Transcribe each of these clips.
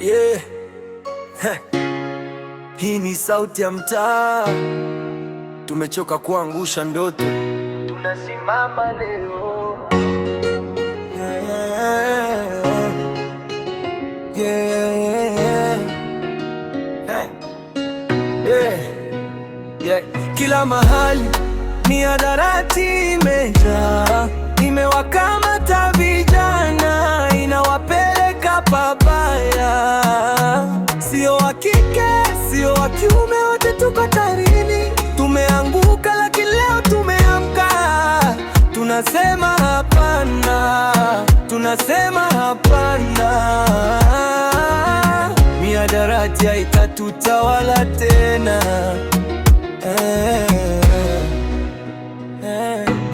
yeah. Hii ni sauti ya mtaa, tumechoka kuangusha ndoto, tunasimama leo yeah. Yeah, yeah, yeah. Yeah. Yeah. Kila mahali mihadarati imejaa kiume wote tuko tarini, tumeanguka lakini leo tumeamka, tunasema hapana, tunasema hapana, mihadarati haitatutawala tena eh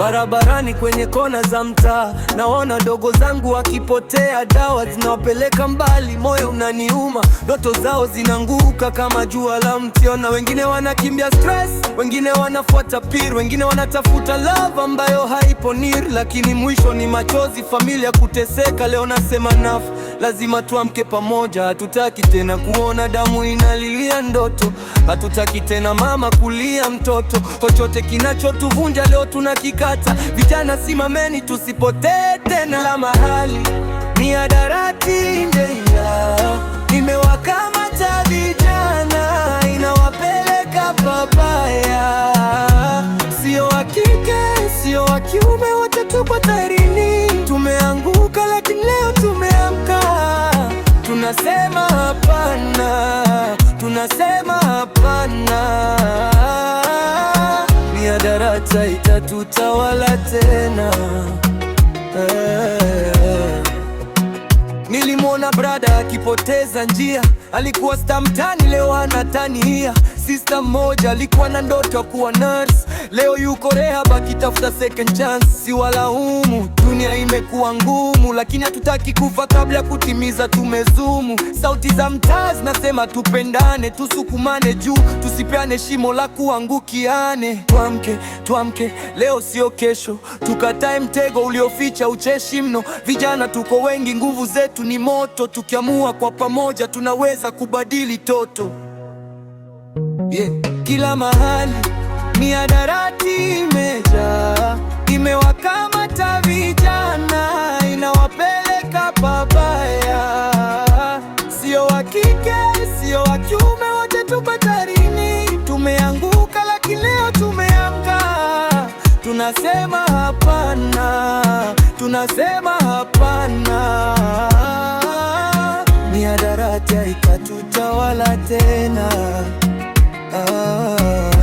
barabarani, kwenye kona za mtaa, naona dogo zangu wakipotea, dawa zinawapeleka mbali, moyo unaniuma, ndoto zao zinanguka kama jua la mtiona. Wengine wanakimbia stress, wengine wanafuata peer, wengine wanatafuta love ambayo haipo near, lakini mwisho ni machozi, familia kuteseka. Leo nasema nafu lazima tuamke pamoja. Hatutaki tena kuona damu inalilia ndoto, hatutaki tena mama kulia mtoto. Chochote kinachotuvunja leo tunakikata. Vijana simameni, tusipotee tena. La mahali ni adarati ndeia imewaka Wanaume wote tupo tarini, tumeanguka lakini leo tumeamka. Tunasema hapana, tunasema hapana, mihadarati itatutawala tena. Eh. Nilimwona brada akipoteza njia, alikuwa stamtani, leo hana sister mmoja alikuwa na ndoto kuwa nurse, leo yuko rehab akitafuta second chance. Si dunia imekuwa ngumu, lakini hatutaki kufa kabla ya kutimiza. Tumezumu, sauti za mtaa zinasema tupendane, tusukumane juu, tusipeane shimo la kuangukiane. Tuamke, twamke, leo sio kesho, tukatae mtego ulioficha ucheshi mno. Vijana tuko wengi, nguvu zetu ni moto, tukiamua kwa pamoja tunaweza kubadili toto yeah. Kila mahali miadarati imejaa, imewakamata vijana, inawapeleka pabaya. Sio wa kike, sio wa kiume, wote tuko hatarini. Tumeanguka lakini leo tumeamka, tunasema hapana, tunasema hapana. Miadarati ikatutawala tena oh.